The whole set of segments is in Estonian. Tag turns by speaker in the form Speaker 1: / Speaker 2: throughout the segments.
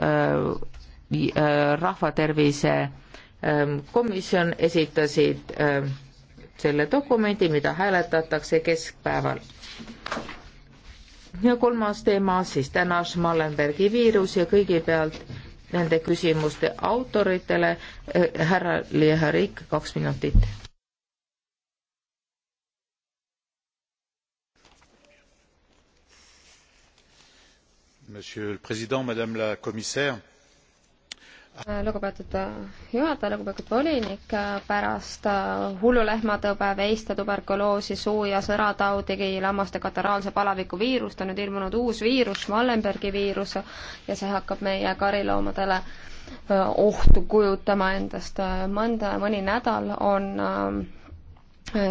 Speaker 1: Äh, äh, rahvatervise ähm, komisjon esitasid ähm, selle dokumendi, mida hääletatakse keskpäeval. ja kolmas teema siis täna Schmallenbergi viirus ja kõigepealt nende küsimuste autoritele äh, härra Leharik, kaks minutit monsieur le président madame la commissaire
Speaker 2: lugupeetud juhataja, lugupeetud volinik, pärast hullulehmatõbe, veiste, tuberkuloosi, suu- ja sõrataudi, lammaste kataraalse palaviku viirust on nüüd ilmunud uus viirus, Wallenbergi viirus, ja see hakkab meie kariloomadele ohtu kujutama endast. mõnda, mõni nädal on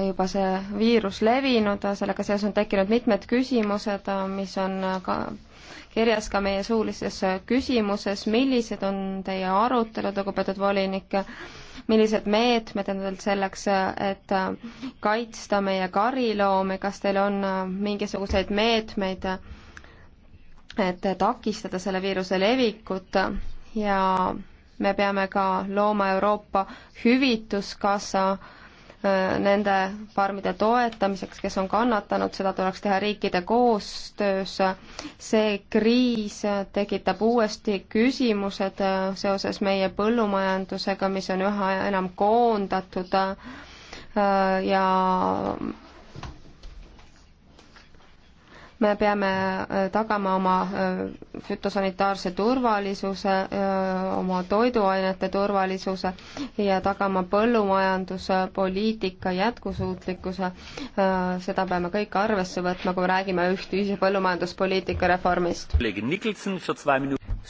Speaker 2: juba see viirus levinud, sellega seoses on tekkinud mitmed küsimused, mis on ka kirjas ka meie suulises küsimuses, millised on teie arutelud, lugupeetud volinik, millised meetmed on teil selleks, et kaitsta meie kariloomi, kas teil on mingisuguseid meetmeid, et takistada selle viiruse levikut ja me peame ka looma Euroopa hüvituskassa, nende farmide toetamiseks, kes on kannatanud, seda tuleks teha riikide koostöös. see kriis tekitab uuesti küsimused seoses meie põllumajandusega, mis on üha enam koondatud ja me peame äh, tagama oma äh, fütosanitaarse turvalisuse, äh, oma toiduainete turvalisuse ja tagama põllumajanduspoliitika jätkusuutlikkuse. seda peame kõik arvesse võtma, kui räägime üht ühise põllumajanduspoliitika reformist.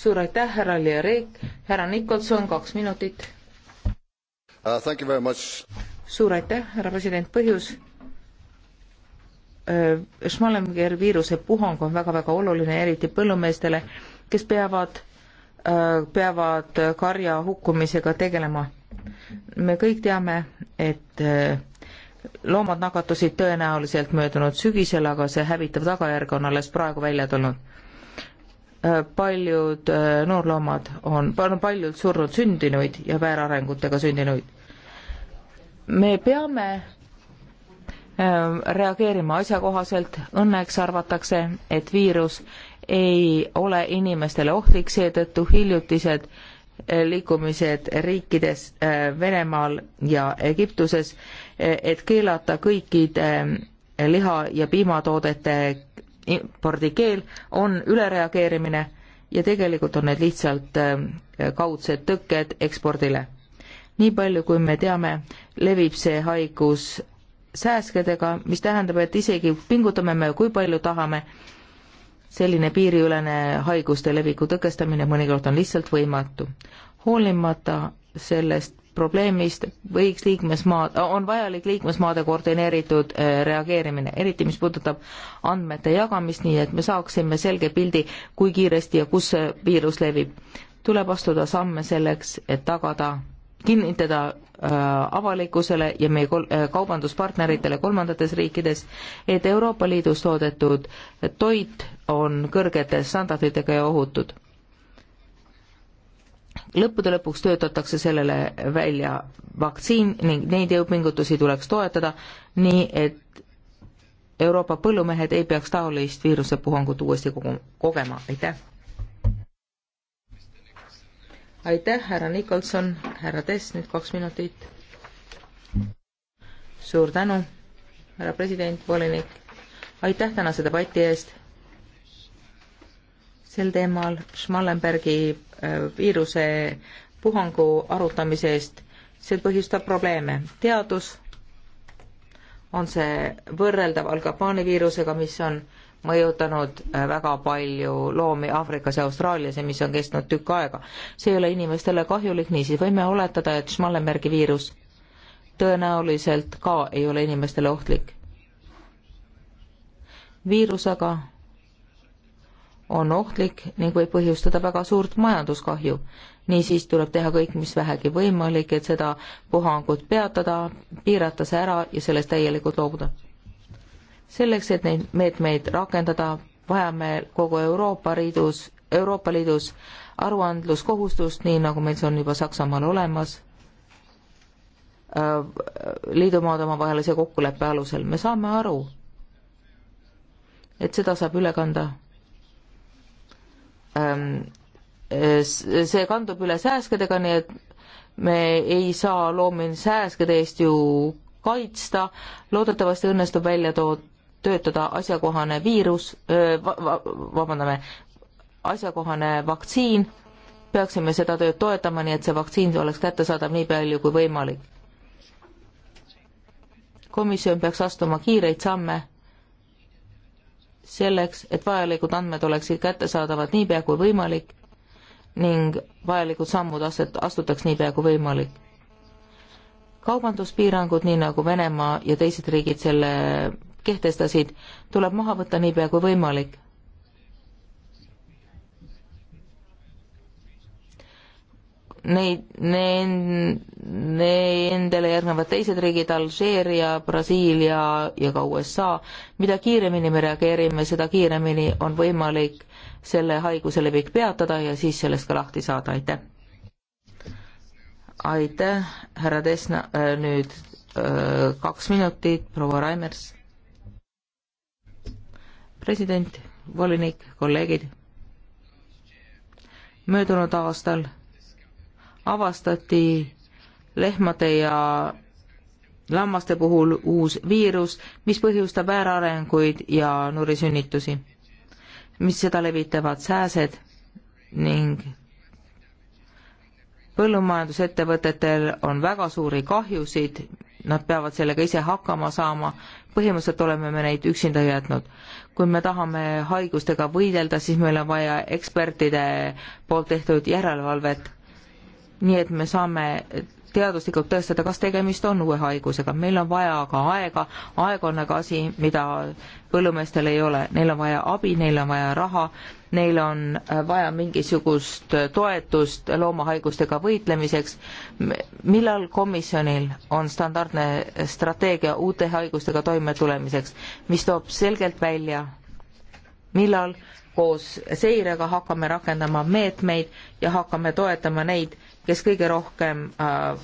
Speaker 2: suur aitäh, härra Leerek, härra Nikolson, kaks minutit
Speaker 3: uh,.
Speaker 1: suur aitäh, härra president, põhjus Äh, Schmallenbergi viiruse puhang on väga-väga oluline, eriti põllumeestele, kes peavad, äh, peavad karja hukkumisega tegelema. me kõik teame, et äh, loomad nakatusid tõenäoliselt möödunud sügisel, aga see hävitav tagajärg on alles praegu välja tulnud. paljud noorloomad on, paljud surnud sündinuid ja väärarengutega sündinuid. me peame Ähm, reageerima asjakohaselt. Õnneks arvatakse, et viirus ei ole inimestele ohtlik, seetõttu hiljutised äh, liikumised riikides äh, Venemaal ja Egiptuses, äh, et keelata kõikide liha- ja piimatoodete impordikeel, on ülereageerimine ja tegelikult on need lihtsalt kaudsed tõkked ekspordile. nii palju, kui me teame, levib see haigus sääskedega, mis tähendab, et isegi pingutame me, kui palju tahame, selline piiriülene haiguste leviku tõkestamine mõnikord on lihtsalt võimatu. hoolimata sellest probleemist võiks liikmesmaad, on vajalik liikmesmaade koordineeritud äh, reageerimine, eriti mis puudutab andmete jagamist, nii et me saaksime selge pildi, kui kiiresti ja kus see viirus levib. tuleb astuda samme selleks, et tagada kinnitada äh, avalikkusele ja meie kol-, äh, kaubanduspartneritele kolmandates riikides, et Euroopa Liidus toodetud toit on kõrgete standarditega ja ohutud. lõppude lõpuks töötatakse sellele välja vaktsiin ning neid jõupingutusi tuleks toetada, nii et Euroopa põllumehed ei peaks taolist viirusepuhangut uuesti kogu-, kogema, aitäh! aitäh, härra Nikolson, härra Tess, nüüd kaks minutit. suur tänu, härra president, volinik, aitäh tänase debati eest sel teemal Schmallenbergi äh, viiruse puhangu arutamise eest. see põhjustab probleeme. teadus, on see võrreldav Al-Kabani viirusega, mis on mõjutanud äh, väga palju loomi Aafrikas ja Austraalias ja mis on kestnud tükk aega. see ei ole inimestele kahjulik, niisiis võime oletada, et Schmallenbergi viirus tõenäoliselt ka ei ole inimestele ohtlik. viirus aga on ohtlik ning võib põhjustada väga suurt majanduskahju. niisiis tuleb teha kõik, mis vähegi võimalik, et seda puhangut peatada, piirata see ära ja sellest täielikult loobuda selleks, et neid meetmeid rakendada, vajame kogu Euroopa Liidus, Euroopa Liidus aruandluskohustust, nii nagu meil see on juba Saksamaal olemas, äh, liidumaade omavahelise kokkuleppe alusel, me saame aru, et seda saab üle kanda. Ähm, see kandub üle sääskedega, nii et me ei saa loomi sääskede eest ju kaitsta, loodetavasti õnnestub välja toot-, töötada asjakohane viirus va, va, vabandame, asjakohane vaktsiin, peaksime seda tööd toetama, nii et see vaktsiin oleks kättesaadav nii palju kui võimalik. komisjon peaks astuma kiireid samme selleks, et vajalikud andmed oleksid kättesaadavad niipea kui võimalik ning vajalikud sammud astet-, astutaks niipea kui võimalik. kaubanduspiirangud, nii nagu Venemaa ja teised riigid selle kehtestasid, tuleb maha võtta niipea kui võimalik. Neid, neid, nendele järgnevad teised riigid, Alžeeria, Brasiilia ja ka USA, mida kiiremini me reageerime, seda kiiremini on võimalik selle haiguse levik peatada ja siis sellest ka lahti saada, aitäh! aitäh, härra Desna, äh, nüüd öö, äh, kaks minutit, proua Raimers president, volinik, kolleegid. möödunud aastal avastati lehmade ja lammaste puhul uus viirus, mis põhjustab äärearenguid ja nurisünnitusi, mis seda levitavad sääsed ning põllumajandusettevõtetel on väga suuri kahjusid, nad peavad sellega ise hakkama saama. põhimõtteliselt oleme me neid üksinda jätnud. kui me tahame haigustega võidelda, siis meil on vaja ekspertide poolt tehtud järelevalvet. nii et me saame teaduslikult tõestada, kas tegemist on uue haigusega. meil on vaja ka aega, aeg on aga asi, mida põllumeestel ei ole. Neil on vaja abi, neil on vaja raha, neil on vaja mingisugust toetust loomahaigustega võitlemiseks. millal komisjonil on standardne strateegia uute haigustega toimetulemiseks, mis toob selgelt välja millal koos seirega hakkame rakendama meetmeid ja hakkame toetama neid, kes kõige rohkem äh,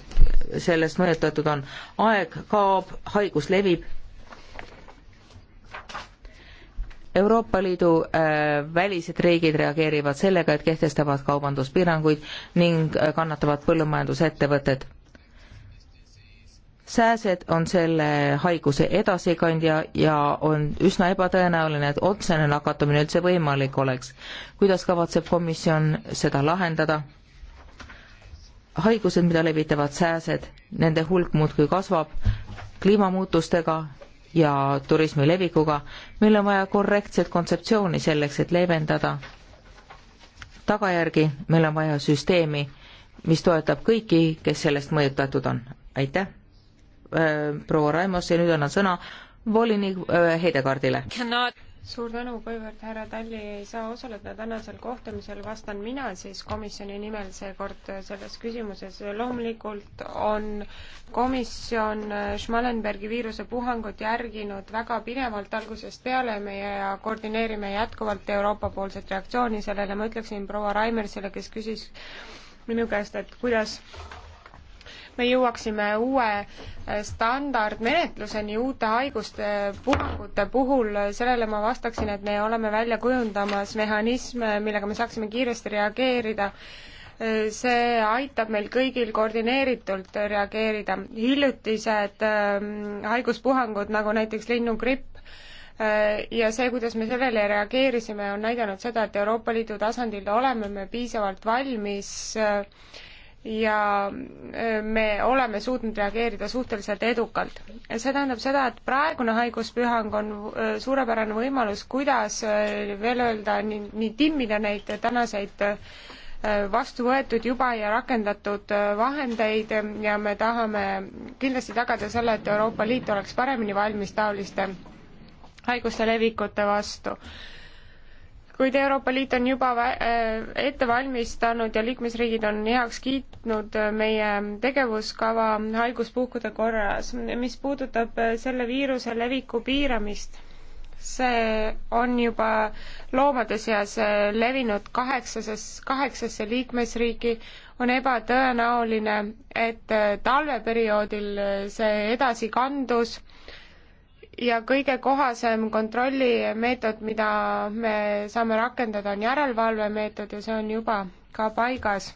Speaker 1: sellest mõjutatud on. aeg kaob, haigus levib. Euroopa Liidu äh, välised riigid reageerivad sellega, et kehtestavad kaubanduspiiranguid ning äh, kannatavad põllumajandusettevõtted sääsed on selle haiguse edasikandja ja on üsna ebatõenäoline, et otsene nakatumine üldse võimalik oleks. kuidas kavatseb komisjon seda lahendada? haigused, mida levitavad sääsed, nende hulk muudkui kasvab kliimamuutustega ja turismi levikuga. meil on vaja korrektset kontseptsiooni selleks, et leevendada tagajärgi, meil on vaja süsteemi, mis toetab kõiki, kes sellest mõjutatud on. aitäh! Äh, proua Raimos ja nüüd annan sõna volinik äh, Heidekaardile.
Speaker 4: suur tänu, kuivõrd härra Talli ei saa osaleda tänasel kohtumisel, vastan mina siis komisjoni nimel seekord selles küsimuses. loomulikult on komisjon Schmallenbergi viirusepuhangut järginud väga pidevalt algusest peale meie ja koordineerime jätkuvalt Euroopa-poolset reaktsiooni sellele. ma ütleksin proua Raimersile, kes küsis minu käest, et kuidas me jõuaksime uue äh, standardmenetluseni uute haiguste äh, puhangute puhul, sellele ma vastaksin, et me oleme välja kujundamas mehhanisme, millega me saaksime kiiresti reageerida äh, see aitab meil kõigil koordineeritult reageerida. hiljutised ähm, haiguspuhangud, nagu näiteks linnugripp, ja see, kuidas me sellele reageerisime, on näidanud seda, et Euroopa Liidu tasandil oleme me piisavalt valmis äh, ja me oleme suutnud reageerida suhteliselt edukalt. see tähendab seda, et praegune haiguspühang on suurepärane võimalus, kuidas veel öelda, nii, nii timmida neid tänaseid vastu võetud juba ja rakendatud vahendeid ja me tahame kindlasti tagada selle, et Euroopa Liit oleks paremini valmis taoliste haiguste levikute vastu kuid Euroopa Liit on juba äh, ette valmistanud ja liikmesriigid on heaks kiitnud äh, meie tegevuskava haiguspuhkude korras, mis puudutab äh, selle viiruse leviku piiramist see on juba loomade seas levinud kaheksases, kaheksasse liikmesriiki, on ebatõenäoline, et talveperioodil see edasi kandus ja kõige kohasem kontrollimeetod, mida me saame rakendada, on järelevalvemeetod ja see on juba ka paigas.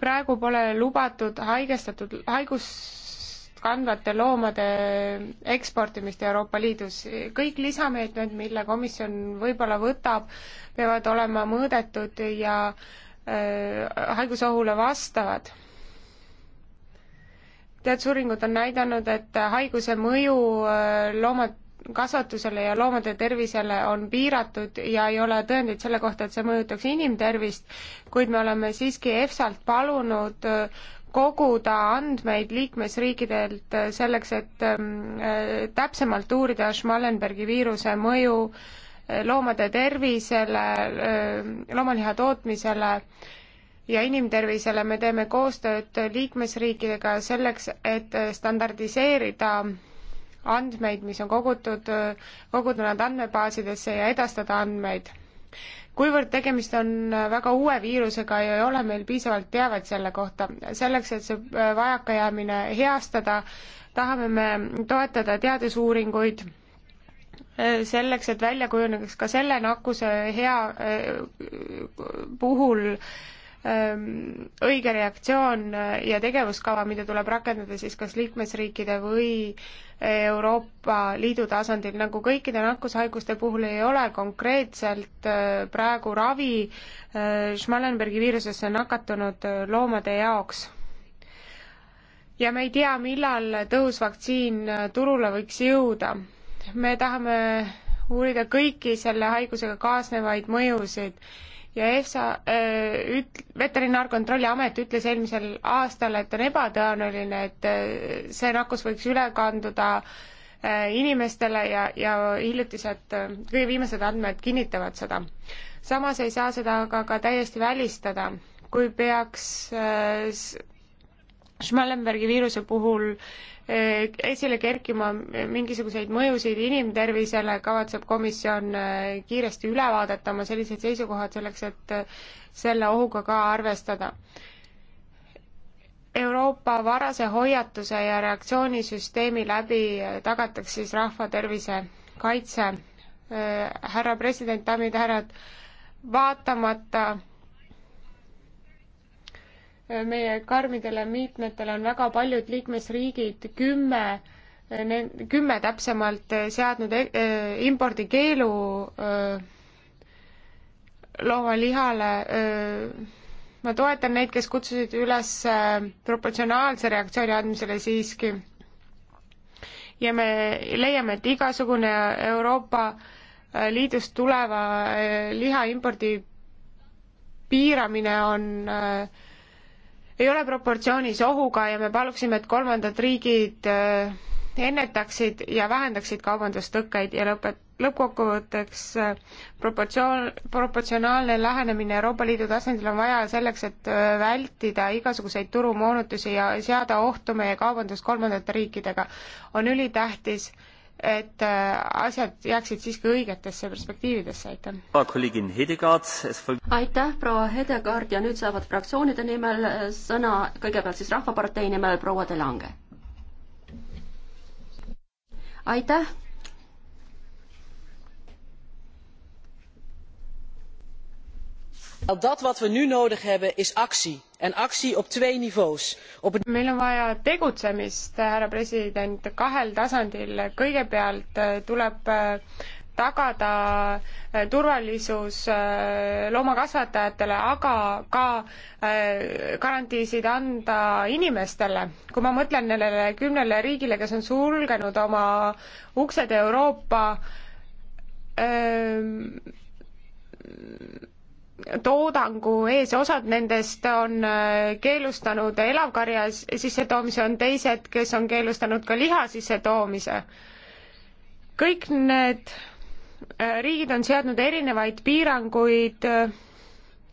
Speaker 4: praegu pole lubatud haigestatud, haigust kandvate loomade eksportimist Euroopa Liidus. kõik lisameetmed, mille komisjon võib-olla võtab, peavad olema mõõdetud ja äh, haigusohule vastavad teadusuuringud on näidanud, et haiguse mõju äh, loomad kasvatusele ja loomade tervisele on piiratud ja ei ole tõendeid selle kohta, et see mõjutaks inimtervist, kuid me oleme siiski EFSA-lt palunud äh, koguda andmeid liikmesriikidelt äh, selleks, et ähm, täpsemalt uurida Schmallenbergi viiruse mõju loomade tervisele, loomaliha tootmisele ja inimtervisele me teeme koostööd liikmesriikidega selleks, et standardiseerida andmeid, mis on kogutud, koguda nad andmebaasidesse ja edastada andmeid. kuivõrd tegemist on väga uue viirusega ja ei ole meil piisavalt teavet selle kohta, selleks, et see vajakajäämine heastada, tahame me toetada teadusuuringuid eh, selleks, et välja kujuneks ka selle nakkuse hea eh, puhul õige reaktsioon äh, ja tegevuskava, mida tuleb rakendada siis kas liikmesriikide või äh, Euroopa Liidu tasandil, nagu kõikide nakkushaiguste puhul ei ole konkreetselt äh, praegu ravi Schmallenbergi viirusesse nakatunud loomade jaoks ja me ei tea, millal tõhus vaktsiin turule võiks jõuda. me tahame uurida kõiki selle haigusega kaasnevaid mõjusid ja EFSA äh, üt-, Veterinaarkontrolliamet ütles eelmisel aastal, et on ebatõenäoline, et äh, see nakkus võiks üle kanduda äh, inimestele ja, ja hiljutised äh,, kõige viimased andmed kinnitavad seda. samas ei saa seda aga ka täiesti välistada, kui peaks äh, Schmallenbergi viiruse puhul eh, esile kerkima mingisuguseid mõjusid inimtervisele, kavatseb komisjon eh, kiiresti üle vaadata oma sellised seisukohad selleks, et eh, selle ohuga ka arvestada. Euroopa varase hoiatuse ja reaktsioonisüsteemi läbi tagatakse siis rahva tervise kaitse. härra president, daamid ja härrad, vaatamata meie karmidele meetmetele on väga paljud liikmesriigid, kümme, kümme täpsemalt, seadnud e-, e-, impordikeelu loomalihale. ma toetan neid, kes kutsusid üles proportsionaalse reaktsiooni andmisele siiski. ja me leiame, et igasugune Euroopa Liidust tuleva liha impordi piiramine on äh, ei ole proportsioonis ohuga ja me paluksime, et kolmandad riigid äh, ennetaksid ja vähendaksid kaubandustõkkeid ja lõpet-, lõppkokkuvõtteks äh, proportsioon, proportsionaalne lähenemine Euroopa Liidu tasandil on vaja selleks, et äh, vältida igasuguseid turumoonutusi ja seada ohtu meie kaubandus kolmandate riikidega. on ülitähtis,
Speaker 5: et äh, asjad jääksid siiski õigetesse perspektiividesse, aitäh. aitäh, proua Hedegaard ja nüüd saavad fraktsioonide nimel äh, sõna, kõigepealt siis Rahvapartei nimel proua De Lange. aitäh
Speaker 4: dat wat we nu nodig hebben is actie en actie op twee niveaus. meil on vaja tegutsemist härra president kahel tasandil kõigepealt äh, tuleb äh, tagada äh, turvalisus loomakasvatajatele, aga ka garantiisid anda inimestele. kui ma mõtlen nendele kümnele riigile, kes on sulgenud oma uksed Euroopa öö, ähm, toodangu ees, osad nendest on äh, keelustanud elavkarja sissetoomise, on teised, kes on keelustanud ka liha sissetoomise. kõik need äh, riigid on seadnud erinevaid piiranguid äh,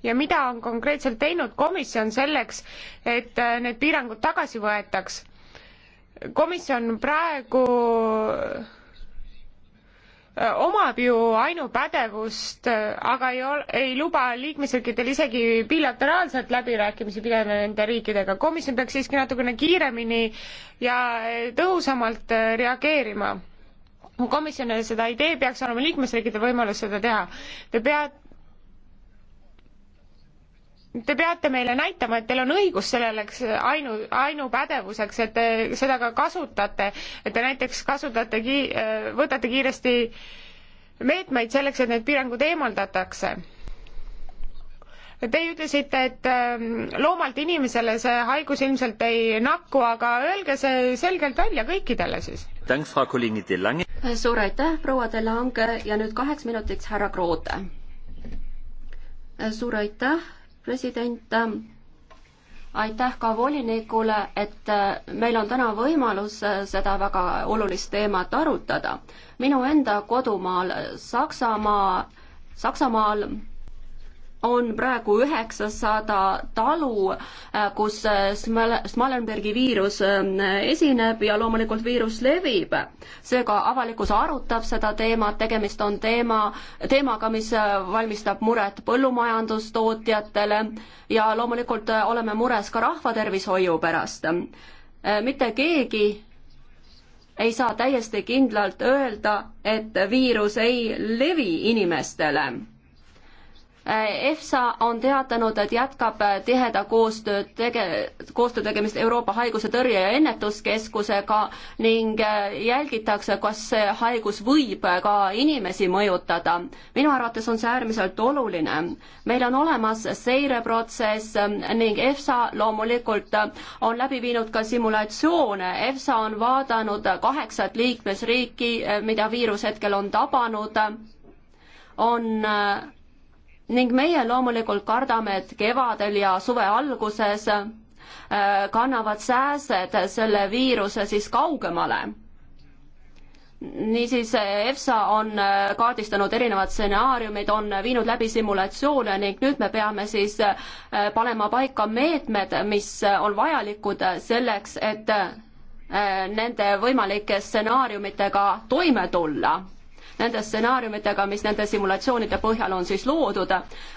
Speaker 4: ja mida on konkreetselt teinud komisjon selleks, et need piirangud tagasi võetaks? komisjon praegu omab ju ainupädevust, aga ei ol-, ei luba liikmesriikidel isegi bilateraalselt läbirääkimisi pidada nende riikidega. komisjon peaks siiski natukene kiiremini ja e, tõhusamalt reageerima kui komisjon seda ei tee, peaks olema liikmesriikidel võimalus seda teha. Te peate te peate meile näitama, et teil on õigus selleks ainu, ainupädevuseks, et te seda ka kasutate, et te näiteks kasutate, võtate kiiresti meetmeid selleks, et need piirangud eemaldatakse. Te ütlesite, et ähm, loomalt inimesele see haigus ilmselt ei nakku, aga öelge see selgelt välja kõikidele siis.
Speaker 5: suur aitäh, proua De Lange ja nüüd kaheks minutiks härra Kroote. suur aitäh president, ähm, aitäh ka volinikule, et äh, meil on täna võimalus äh, seda väga olulist teemat arutada. minu enda kodumaal Saksamaa, Saksamaal on praegu üheksasada talu, äh, kus äh, Smal-, Smallenbergi viirus ähm, esineb ja loomulikult viirus levib. seega avalikkus arutab seda teemat, tegemist on teema, teemaga, mis äh, valmistab muret põllumajandustootjatele ja loomulikult oleme mures ka rahvatervishoiu pärast. mitte keegi ei saa täiesti kindlalt öelda, et viirus ei levi inimestele EFSA on teatanud, et jätkab tiheda koostööd tege-, koostöö tegemist Euroopa Haiguse Tõrje ja Ennetuskeskusega ning jälgitakse, kas see haigus võib ka inimesi mõjutada. minu arvates on see äärmiselt oluline. meil on olemas seireprotsess ning EFSA loomulikult on läbi viinud ka simulatsioone. EFSA on vaadanud kaheksat liikmesriiki, mida viirus hetkel on tabanud, on äh, ning meie loomulikult kardame, et kevadel ja suve alguses äh, kannavad sääsed selle viiruse siis kaugemale niisiis EFSA on äh, kaardistanud erinevad stsenaariumid, on äh, viinud läbi simulatsioone ning nüüd me peame siis panema paika meetmed, mis on vajalikud selleks, et nende võimalike stsenaariumitega toime tulla nende stsenaariumitega, mis nende simulatsioonide põhjal on siis loodud.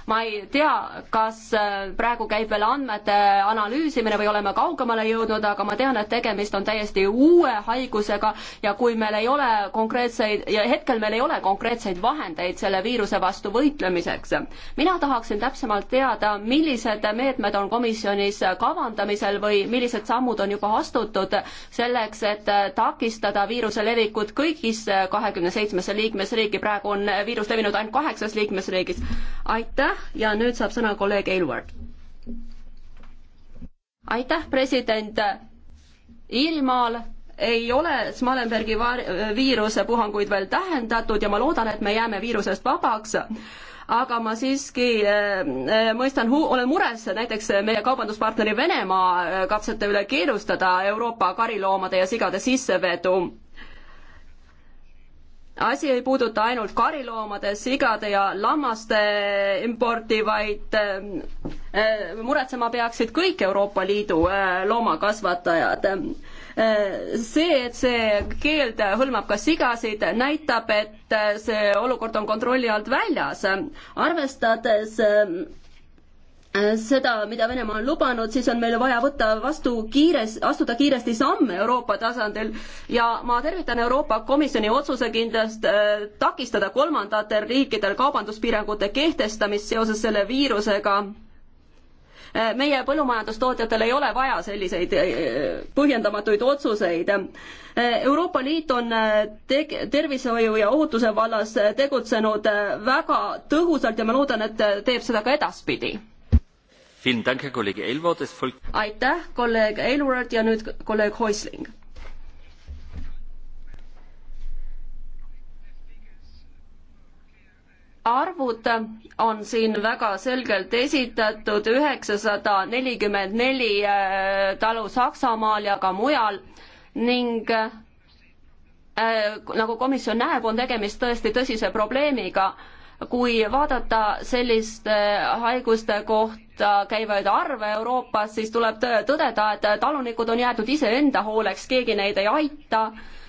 Speaker 5: ma ei tea, kas äh, praegu käib veel andmete analüüsimine või oleme kaugemale jõudnud, aga ma tean, et tegemist on täiesti uue haigusega ja kui meil ei ole konkreetseid ja hetkel meil ei ole konkreetseid vahendeid selle viiruse vastu võitlemiseks. mina tahaksin täpsemalt teada, millised meetmed on komisjonis kavandamisel või millised sammud on juba astutud selleks, et takistada viiruse levikut kõigis kahekümne seitsmesse liikmesriiki liikmesriiki, praegu on viirus levinud ainult kaheksas liikmesriigis. aitäh ja nüüd saab sõna kolleeg Elward. aitäh, president. Iirimaal ei ole Smalenbergi viirusepuhanguid veel tähendatud ja ma loodan, et me jääme viirusest vabaks aga ma siiski äh, äh mõistan, olen mures näiteks meie kaubanduspartneri Venemaa äh, katsete üle keelustada Euroopa kariloomade ja sigade sissevedu asi ei puuduta ainult kariloomade, sigade ja lammaste importi, vaid äh, äh, muretsema peaksid kõik Euroopa Liidu äh, loomakasvatajad. see, et see keeld hõlmab ka sigasid, näitab, et see olukord on kontrolli alt väljas, arvestades Äh, seda, mida Venemaa on lubanud, siis on meil vaja võtta vastu kiires, astuda kiiresti samme Euroopa tasandil ja ma tervitan Euroopa Komisjoni otsuse kindlasti äh, takistada kolmandatel riikidel kaubanduspiirangute kehtestamist seoses selle viirusega äh,. meie põllumajandustootjatel ei ole vaja selliseid äh, põhjendamatuid otsuseid. Äh, Euroopa Liit on äh, teg-, tervishoiu ja ohutuse vallas tegutsenud väga tõhusalt ja ma loodan, et teeb seda ka edaspidi aitäh, kolleeg Elvard ja nüüd kolleeg Häusling. arvud on siin väga selgelt esitatud, üheksasada nelikümmend neli äh, talu Saksamaal ja ka mujal ning äh, nagu komisjon näeb, on tegemist tõesti tõsise probleemiga kui vaadata selliste äh, haiguste kohta käivaid arve Euroopas, siis tuleb tõdeda, et talunikud on jäetud iseenda hooleks, keegi neid ei aita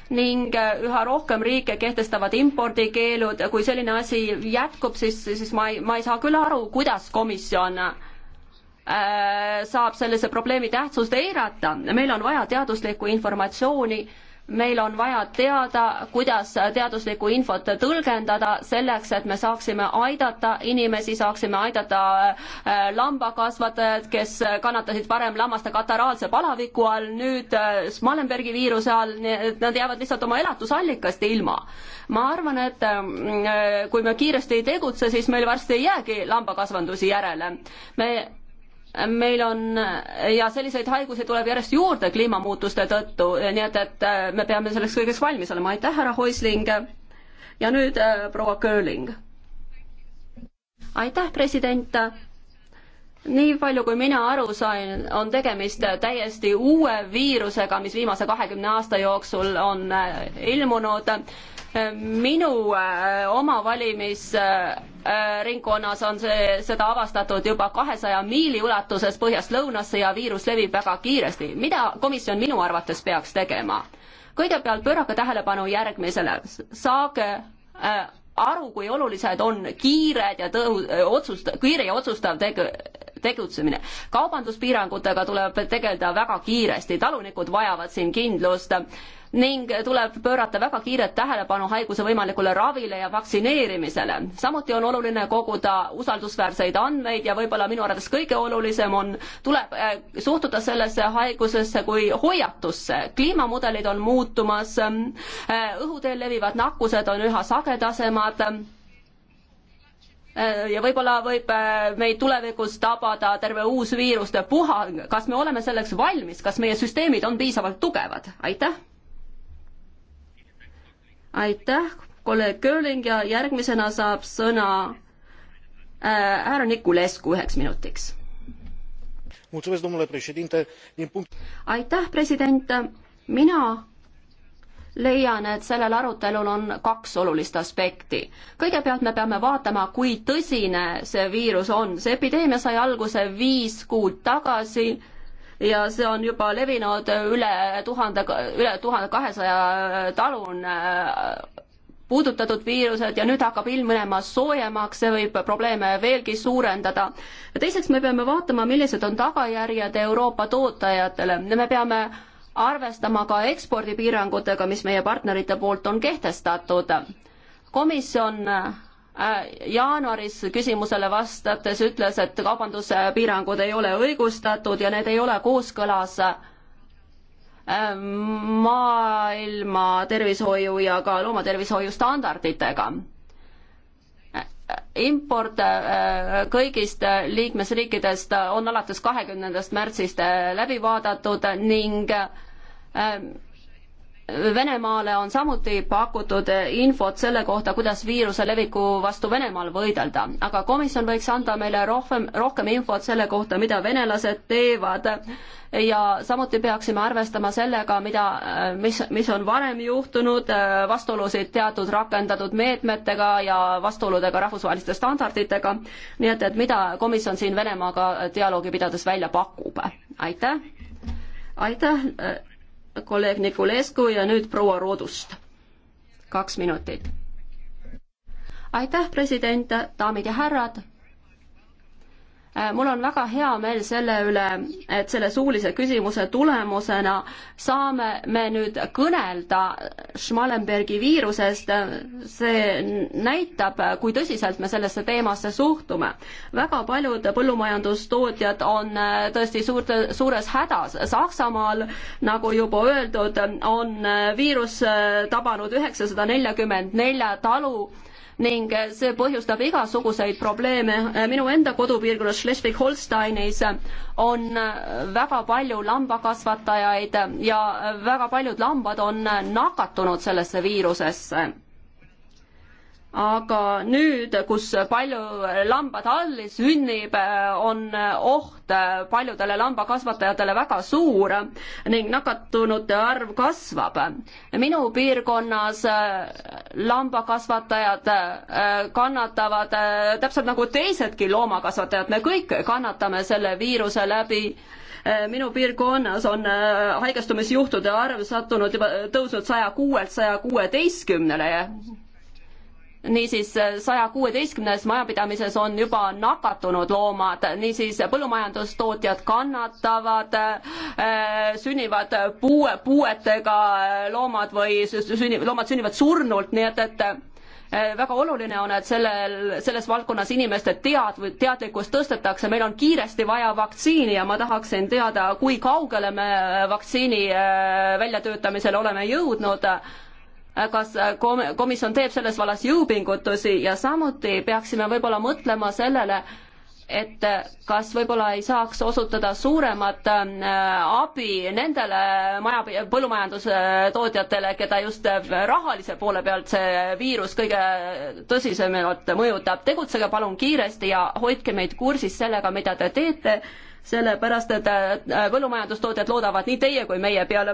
Speaker 5: ning äh, üha rohkem riike kehtestavad impordikeelud, kui selline asi jätkub, siis, siis ma ei, ma ei saa küll aru, kuidas komisjon äh, saab sellise probleemi tähtsust eirata, meil on vaja teaduslikku informatsiooni meil on vaja teada, kuidas teaduslikku infot tõlgendada selleks, et me saaksime aidata inimesi, saaksime aidata äh, lambakasvatajad, kes kannatasid varem lammaste kataraalse palaviku all, nüüd äh, Smallenbergi viiruse all, nii et nad jäävad lihtsalt oma elatusallikast ilma. ma arvan, et äh, kui me kiiresti ei tegutse, siis meil varsti ei jäägi lambakasvandusi järele. me meil on ja selliseid haigusi tuleb järjest juurde kliimamuutuste tõttu, nii et, et äh, me peame selleks kõigeks valmis olema, aitäh, härra Häusling. ja nüüd äh, proua Kööling. aitäh, president. nii palju, kui mina aru sain, on tegemist täiesti uue viirusega, mis viimase kahekümne aasta jooksul on äh, ilmunud äh, minu äh, oma valimisringkonnas on see, seda avastatud juba kahesaja miili ulatuses põhjast lõunasse ja viirus levib väga kiiresti. mida komisjon minu arvates peaks tegema? kõigepealt pöörake tähelepanu järgmisele, saage äh, aru, kui olulised on kiired ja tõhu-, otsust-, kiire ja otsustav teg-, tegutsemine. kaubanduspiirangutega tuleb tegeleda väga kiiresti, talunikud vajavad siin kindlust ning tuleb pöörata väga kiiret tähelepanu haiguse võimalikule ravile ja vaktsineerimisele. samuti on oluline koguda usaldusväärseid andmeid ja võib-olla minu arvates kõige olulisem on, tuleb äh, suhtuda sellesse haigusesse kui hoiatusse. kliimamudelid on muutumas, äh, õhuteel levivad nakkused on üha sagedasemad Äh, ja võib-olla võib äh, meid tulevikus tabada terve uus viiruste puhang, kas me oleme selleks valmis, kas meie süsteemid on piisavalt tugevad, aitäh! aitäh, kolleeg Kööling ja järgmisena saab sõna äh, härra äh, Nikulescu üheks minutiks. aitäh, president, mina leian, et sellel arutelul on kaks olulist aspekti. kõigepealt me peame vaatama, kui tõsine see viirus on. see epideemia sai alguse viis kuud tagasi ja see on juba levinud üle tuhande, üle tuhande kahesaja talune äh, puudutatud viirused ja nüüd hakkab ilm minema soojemaks, see võib probleeme veelgi suurendada. teiseks me peame vaatama, millised on tagajärjed Euroopa tootjatele. me peame arvestama ka ekspordipiirangutega, mis meie partnerite poolt on kehtestatud. komisjon äh, jaanuaris küsimusele vastates ütles, et kaubanduspiirangud ei ole õigustatud ja need ei ole kooskõlas äh, maailma tervishoiu ja ka loomatervishoiu standarditega. import äh, kõigist liikmesriikidest on alates kahekümnendast märtsist läbi vaadatud ning Ähm, Venemaale on samuti pakutud infot selle kohta, kuidas viiruse leviku vastu Venemaal võidelda, aga komisjon võiks anda meile rohkem, rohkem infot selle kohta, mida venelased teevad ja samuti peaksime arvestama sellega, mida, äh, mis, mis on varem juhtunud, äh, vastuolusid teatud rakendatud meetmetega ja vastuoludega rahvusvaheliste standarditega, nii et, et mida komisjon siin Venemaaga dialoogi pidades välja pakub, aitäh, aitäh äh, kolleeg Nikulescu ja nüüd proua Roodust. kaks minutit. aitäh, president, daamid ja härrad Äh, mul on väga hea meel selle üle, et selle suulise küsimuse tulemusena saame me nüüd kõnelda Schmallenbergi viirusest. see näitab, kui tõsiselt me sellesse teemasse suhtume. väga paljud põllumajandustootjad on äh, tõesti suurte, suures hädas. Saksamaal, nagu juba öeldud, on äh, viirus tabanud üheksasada neljakümmend nelja talu ning see põhjustab igasuguseid probleeme. minu enda kodupiirkonnas Schleswig-Holsteinis on väga palju lambakasvatajaid ja väga paljud lambad on nakatunud sellesse viirusesse aga nüüd, kus palju lambad halli sünnib, on oht paljudele lambakasvatajatele väga suur ning nakatunute arv kasvab. minu piirkonnas lambakasvatajad äh, kannatavad äh, täpselt nagu teisedki loomakasvatajad, me kõik kannatame selle viiruse läbi äh, minu piirkonnas on haigestumisjuhtude arv sattunud juba, tõusnud saja kuuelt saja kuueteistkümnele niisiis saja kuueteistkümnes majapidamises on juba nakatunud loomad, niisiis põllumajandustootjad kannatavad, äh, sünnivad puue, puuetega loomad või sünni, loomad sünnivad surnult, nii et, et äh, väga oluline on, et sellel, selles valdkonnas inimeste tead-, teadlikkust tõstetakse, meil on kiiresti vaja vaktsiini ja ma tahaksin teada, kui kaugele me vaktsiini äh, väljatöötamisel oleme jõudnud Äh, kas äh, komisjon teeb selles vallas jõupingutusi ja samuti peaksime võib-olla mõtlema sellele, et äh, kas võib-olla ei saaks osutada suuremat abi nendele maja, põllumajandustootjatele, keda just rahalise poole pealt see viirus kõige tõsisemalt mõjutab. tegutsege palun kiiresti ja hoidke meid kursis sellega, mida te teete sellepärast et äh, põllumajandustootjad loodavad nii teie kui meie peale.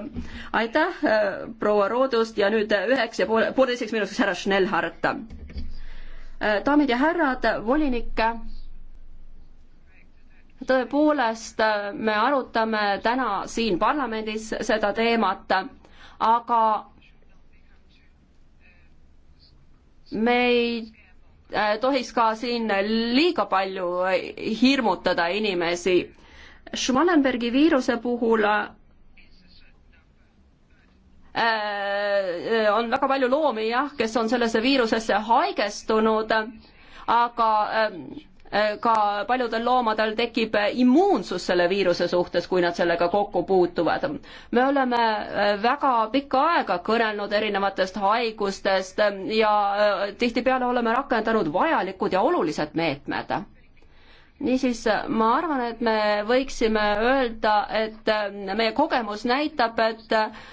Speaker 5: aitäh, äh, proua Roodust ja nüüd üheks ja poole, pooleteiseks minutiks härra Schnellhardt. Äh, daamid ja härrad, volinik, tõepoolest, me arutame täna siin parlamendis seda teemat, aga me ei tohiks ka siin liiga palju hirmutada inimesi. Schmallenbergi viiruse puhul äh, äh, on väga palju loomi jah, kes on sellesse viirusesse haigestunud, aga äh, ka paljudel loomadel tekib immuunsus selle viiruse suhtes, kui nad sellega kokku puutuvad. me oleme väga pikka aega kõnelnud erinevatest haigustest ja tihtipeale oleme rakendanud vajalikud ja olulised meetmed niisiis ma arvan, et me võiksime öelda, et äh, meie kogemus näitab, et äh,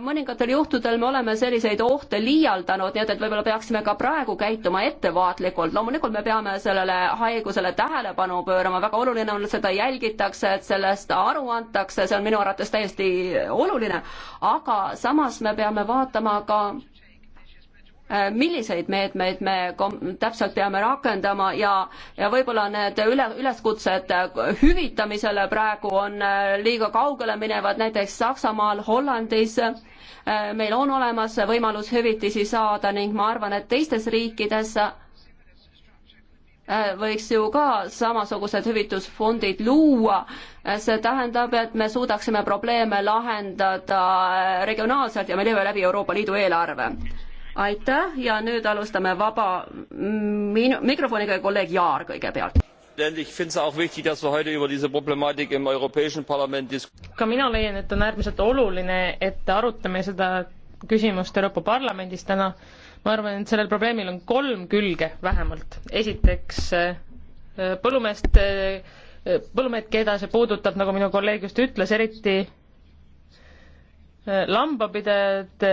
Speaker 5: mõningatel juhtudel me oleme selliseid ohte liialdanud, nii et, et võib-olla peaksime ka praegu käituma ettevaatlikult. loomulikult me peame sellele haigusele tähelepanu pöörama, väga oluline on, et seda jälgitakse, et sellest aru antakse, see on minu arvates täiesti oluline, aga samas me peame vaatama ka Äh, milliseid meetmeid me täpselt peame rakendama ja, ja võib-olla need üle, üleskutsed äh, hüvitamisele praegu on äh, liiga kaugele minevad, näiteks Saksamaal, Hollandis meil on olemas võimalus hüvitisi saada ning ma arvan, et teistes riikides võiks ju ka samasugused hüvitusfondid luua. see tähendab, et me suudaksime probleeme lahendada regionaalselt ja me teeme läbi Euroopa Liidu eelarve aitäh ja nüüd alustame vaba mikrofoniga ja kolleeg Jaar kõigepealt. ka mina leian,
Speaker 3: et on äärmiselt oluline, et arutame seda küsimust Euroopa Parlamendis täna. ma arvan, et sellel probleemil on kolm külge vähemalt. esiteks äh, põllumeest, äh, põllumehed, keda see puudutab, nagu minu kolleeg just ütles, eriti äh, lambapidajad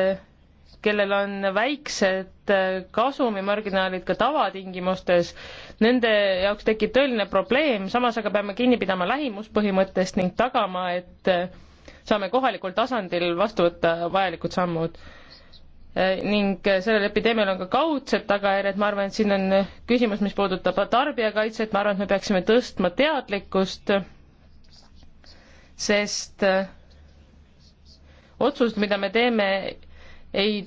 Speaker 3: kellel on väiksed äh, kasumimarginaalid ka tavatingimustes, nende jaoks tekib tõeline probleem, samas aga peame kinni pidama lähimuspõhimõttest ning tagama, et äh, saame kohalikul tasandil vastu võtta vajalikud sammud. Äh, ning sellel epideemial on ka kaudsed tagajärjed, ma arvan, et siin on küsimus, mis puudutab tarbijakaitset, ma arvan, et me peaksime tõstma teadlikkust, sest otsused, mida me teeme ei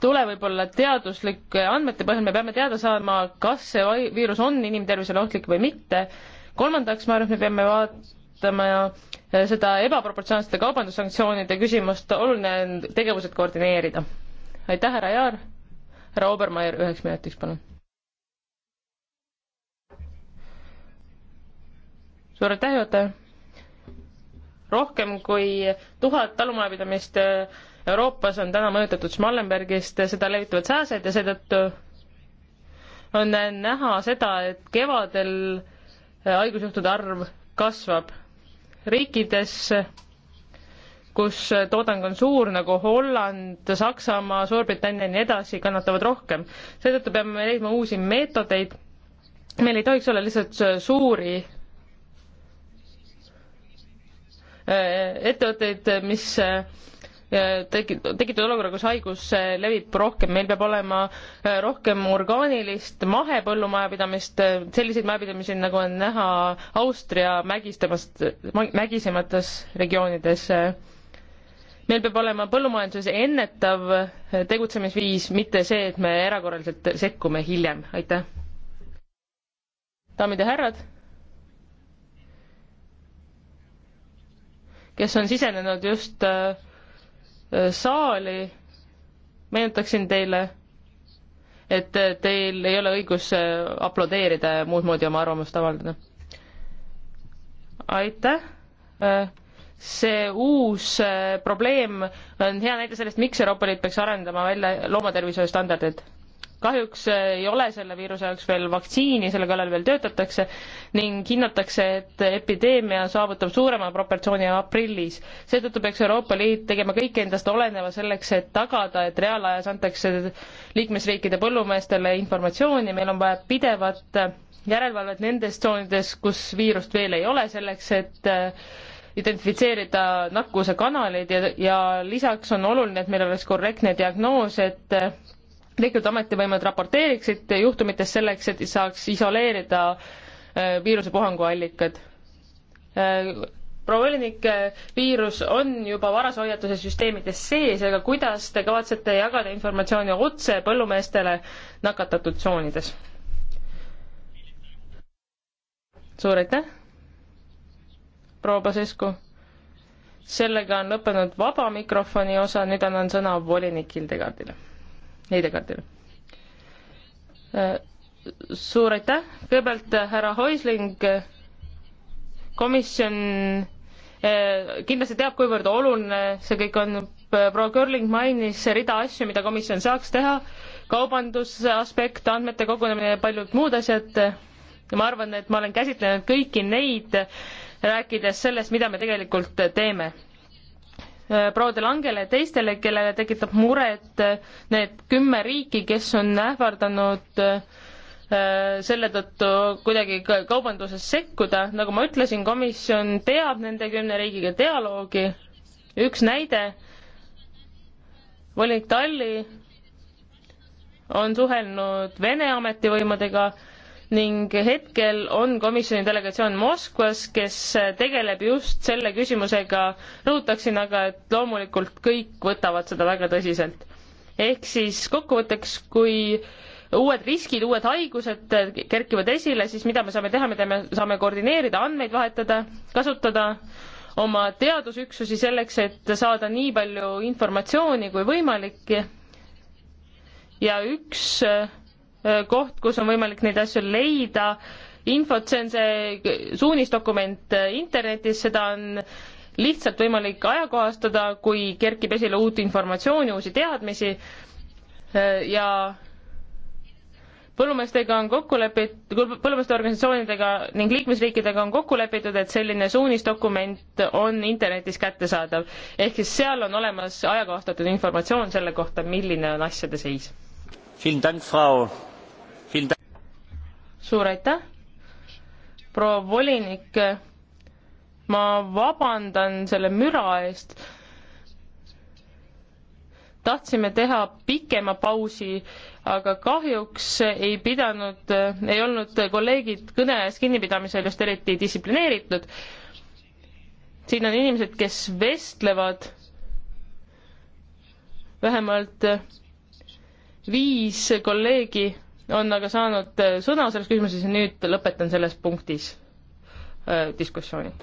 Speaker 3: tule võib-olla teaduslike andmete põhjal, me peame teada saama, kas see viirus on inimtervisele ohtlik või mitte. kolmandaks, ma arvan, et me peame vaatama eh, seda ebaproportsionaalsete kaubandussanktsioonide küsimust, oluline on tegevused koordineerida. aitäh, härra Jaar. härra Obermeier, üheks minutiks, palun. suur aitäh, juhataja. rohkem kui tuhat talumajapidamist äh, Euroopas on täna mõjutatud Schmallenbergist, seda levitavad sääsed ja seetõttu on näha seda, et kevadel äh, haigusjuhtude arv kasvab. riikides, kus toodang on suur, nagu Holland, Saksamaa, Suurbritannia ja nii edasi, kannatavad rohkem. seetõttu peame leidma uusi meetodeid. meil ei tohiks olla lihtsalt äh, suuri äh, ettevõtteid, mis tekit-, tekitada olukorra, kus haigus eh, levib rohkem, meil peab olema eh, rohkem orgaanilist mahepõllumajapidamist, eh, selliseid majapidamisi, nagu on näha Austria mägistemast, mägisemates regioonides. meil peab olema põllumajanduses ennetav tegutsemisviis, mitte see, et me erakorraliselt sekkume hiljem, aitäh. daamid ja härrad kes on sisenenud just äh, saali, meenutaksin teile, et äh, teil ei ole õigus äh, aplodeerida ja muud moodi oma arvamust avaldada. aitäh! Äh, see uus probleem on hea näide sellest, miks Euroopa Liit peaks arendama välja loomatervishoiu standardid kahjuks ei ole selle viiruse jaoks veel vaktsiini, selle kallal veel töötatakse ning hinnatakse, et epideemia saavutab suurema proportsiooni aprillis. seetõttu peaks Euroopa Liit tegema kõik endast oleneva selleks, et tagada, et reaalajas antakse liikmesriikide põllumeestele informatsiooni, meil on vaja pidevat järelevalvet nendes tsoonides, kus viirust veel ei ole, selleks et äh, identifitseerida nakkuse kanaleid ja, ja lisaks on oluline, et meil oleks korrektne diagnoos, et äh, liikmed ametivõimed raporteeriksid juhtumitest selleks, et saaks isoleerida äh, viirusepuhangu allikad. Äh, proua Õlinik, äh, viirus on juba varase hoiatuse süsteemides sees, aga kuidas te kavatsete jagada informatsiooni otse põllumeestele nakatatud tsoonides? suur aitäh, proua Pasescu. sellega on lõppenud vaba mikrofoni osa, nüüd annan sõna volinik Hildegardile ID-kaardil. suur aitäh, kõigepealt härra Häusling, komisjon eh, kindlasti teab, kuivõrd oluline see kõik on. proua Körling mainis rida asju, mida komisjon saaks teha, kaubandusaspekt, andmete kogunemine ja paljud muud asjad. ja ma arvan, et ma olen käsitlenud kõiki neid, rääkides sellest, mida me tegelikult teeme Äh, proua De Langele ja teistele, kellele tekitab muret äh, need kümme riiki, kes on ähvardanud äh, selle tõttu kuidagi kaubanduses sekkuda, nagu ma ütlesin, komisjon peab nende kümne riigiga dialoogi. üks näide, volinik Talli on suhelnud Vene ametivõimudega ning hetkel on komisjoni delegatsioon Moskvas, kes tegeleb just selle küsimusega. rõhutaksin aga, et loomulikult kõik võtavad seda väga tõsiselt. ehk siis kokkuvõtteks, kui uued riskid, uued haigused kerkivad esile, siis mida me saame teha, mida me saame koordineerida, andmeid vahetada, kasutada oma teadusüksusi selleks, et saada nii palju informatsiooni kui võimalik. ja üks äh, Äh, koht, kus on võimalik neid asju leida, infot, see on see suunisdokument äh, internetis, seda on lihtsalt võimalik ajakohastada, kui kerkib esile uut informatsiooni, uusi teadmisi äh, ja põllumeestega on kokku lepitud, põllumeeste organisatsioonidega ning liikmesriikidega on kokku lepitud, et selline suunisdokument on internetis kättesaadav. ehk siis seal on olemas ajakohastatud informatsioon selle kohta, milline on asjade seis suur aitäh, proua volinik, ma vabandan selle müra eest. tahtsime teha pikema pausi, aga kahjuks ei pidanud, ei olnud kolleegid kõne ees kinnipidamisel just eriti distsiplineeritud. siin on inimesed, kes vestlevad vähemalt viis kolleegi on aga saanud äh, sõna selles küsimuses ja nüüd lõpetan selles punktis äh, diskussiooni.